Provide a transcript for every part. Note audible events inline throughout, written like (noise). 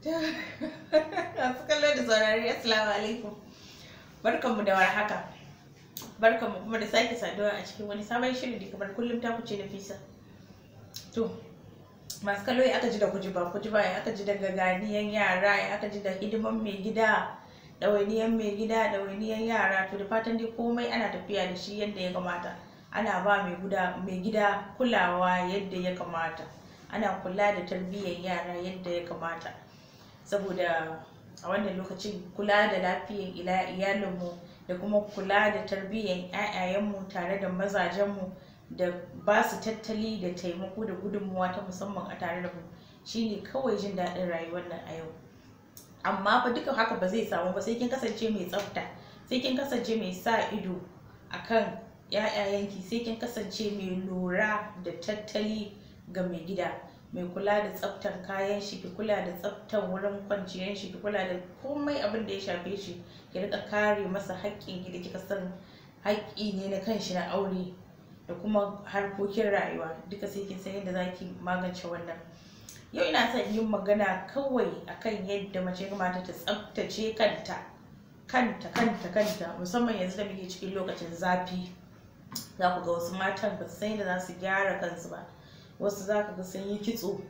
(laughs) masu kallo da saurari assalamu alaikum barkanmu da warhaka barkanmu kuma da sake saduwa a cikin wani sabon shirin da kamar kullum ta kuce da fisa to masu kallo ya aka ji da kujiba kujiba ya aka ji da gaganiyan yara ya aka ji da hidiman mai gida ɗawainiyan mai gida ɗawainiyan yara to da fatan dai komai ana tafiya da shi yadda ya kamata ana ba mai gida kulawa yadda ya kamata ana kula da tarbiyyar yara yadda ya kamata saboda a wannan lokacin kula da lafiyar iyalinmu da kuma kula da tarbiyyar 'ya'yayenmu tare da mazajenmu da ba su tattali da taimako da gudunmuwa ta musamman a tare da mu shine kawai jin daɗin rayuwar nan a yau amma fa duka haka ba zai samu ba sai kin kasance mai tsafta sai kin kasance mai sa ido akan 'ya'yayenki sai kin kasance mai lura da tattali ga mai gida mai kula da tsaftar kayan shi ki kula da tsaftar wurin kwanciyar shi ki kula da komai abin da ya shafe shi ki rika kare masa haƙƙin ki da kika san haƙƙi ne na kanshi na aure da kuma harkokin rayuwa duka sai kin san yadda zaki magance wannan yau ina son yin magana kawai akan yadda mace ya kamata ta tsaftace kanta kanta kanta kanta musamman yanzu da muke cikin lokacin zafi za ku ga wasu matan ba su san yadda za su gyara kansu ba wasu za ka ga sun yi kitso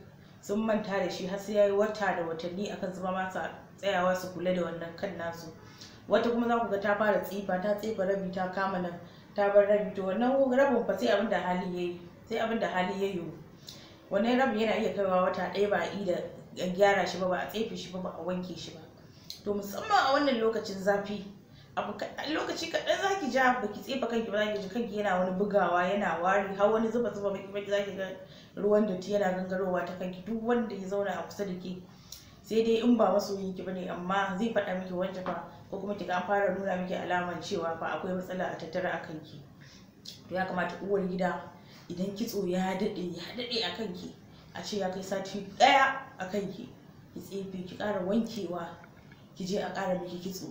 sun manta da shi har sai ya yi wata da watanni akan zama masa tsayawa su kula da wannan kan nasu wata kuma za ku ga ta fara tsifa ta tsifa rabi ta kama nan ta bar rabi to wannan rabin fa sai abin da hali ya yi sai abin da hali ya wannan rabin yana iya kaiwa wata ɗaya ba a yi da gyara shi ba ba a tsefe shi ba ba a wanke shi ba to musamman a wannan lokacin zafi abu kaɗan lokaci kaɗan za ki ja baki tsefa kanki ba za ki ji kanki yana wani bugawa yana wari har wani zuba zuba maki baki za ki ga ruwan datti yana gangarowa ta kanki duk wanda ya zauna a kusa da ke sai dai in ba masoyin ki bane amma zai faɗa miki wancan fa ko kuma ki ga fara nuna miki alaman cewa fa akwai matsala a tattara a kanki to ya kamata uwar gida idan kitso ya daɗe ya daɗe a kanki a ce ya kai sati ɗaya a kanki ki tsefe ki ƙara wankewa ki je a ƙara miki kitso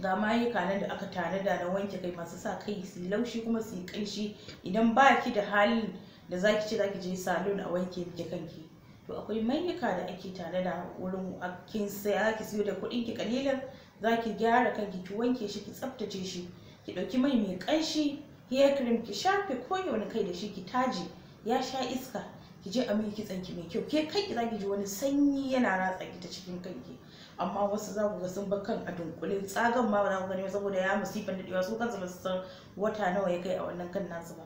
ga mayuka nan da aka tanada na wanke kai masu sa kai su laushi kuma su yi kanshi idan ba ki da halin da zaki ci zaki je salon a wanke ki kanki to akwai mayuka da ake tanada wurin kin sai za ki siyo da kuɗin ki kalilan za ki gyara kanki ki wanke shi ki tsaftace shi ki ɗauki mai mai kanshi hair cream ki shafe wani kai da shi ki taji ya sha iska ki je a miki mai kyau ke za ki ji wani sanyi yana ratsa ki ta cikin kanki amma wasu za ga sun bar kan a dunkule tsagan ma ba za ku gani saboda ya musifan da dewa su kansu ba su san wata nawa ya kai a wannan kan nasu ba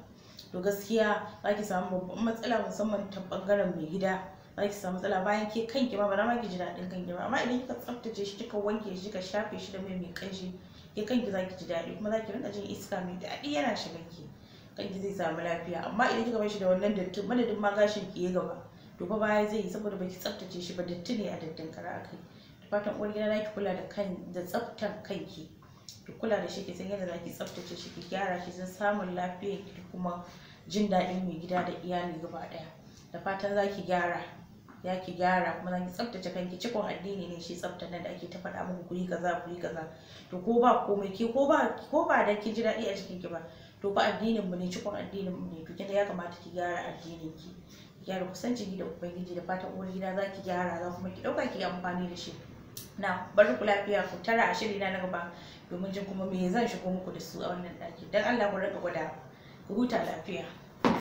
to gaskiya za ki samu babban matsala musamman ta bangaren mai gida za ki samu matsala bayan ke kanki ma ba za ma ki ji daɗin kanki ba amma idan kika tsaftace shi kika wanke shi kika shafe shi da mai mai kanshi ke kanki za ki ji daɗi kuma za ki rinka jin iska mai daɗi yana shiga ki. kanki zai samu lafiya amma idan kika bar shi da wannan dattin madadin ma gashin ki ya gaba to fa baya zai yi saboda baki tsaftace shi ba datti ne a dattin kara akai da fatan uwar gida zaki kula da kan da tsaftar kanki ki kula da shi ki san yadda zaki tsaftace shi ki gyara shi zan samun lafiyar ki kuma jin daɗin mai gida da iyali gaba ɗaya da fatan zaki gyara ya ki gyara kuma zaki tsaftace kanki cikon addini ne shi tsaftar nan da ake ta faɗa muku ku yi kaza ku yi kaza to ko ba komai ke ko ba ko ba da ki ji daɗi a cikin ki ba to fa addinin mu ne cikon addinin mu ne to da ya kamata ki gyara addinin ki ki gyara kusanci ki da ubangiji da fatan uwar gida za ki gyara za kuma ki dauka ki amfani da shi na bari ku lafiya ku tara a shiri na na gaba domin jin kuma me zan shigo muku da su a wannan daki dan Allah ku rika gwada ku huta lafiya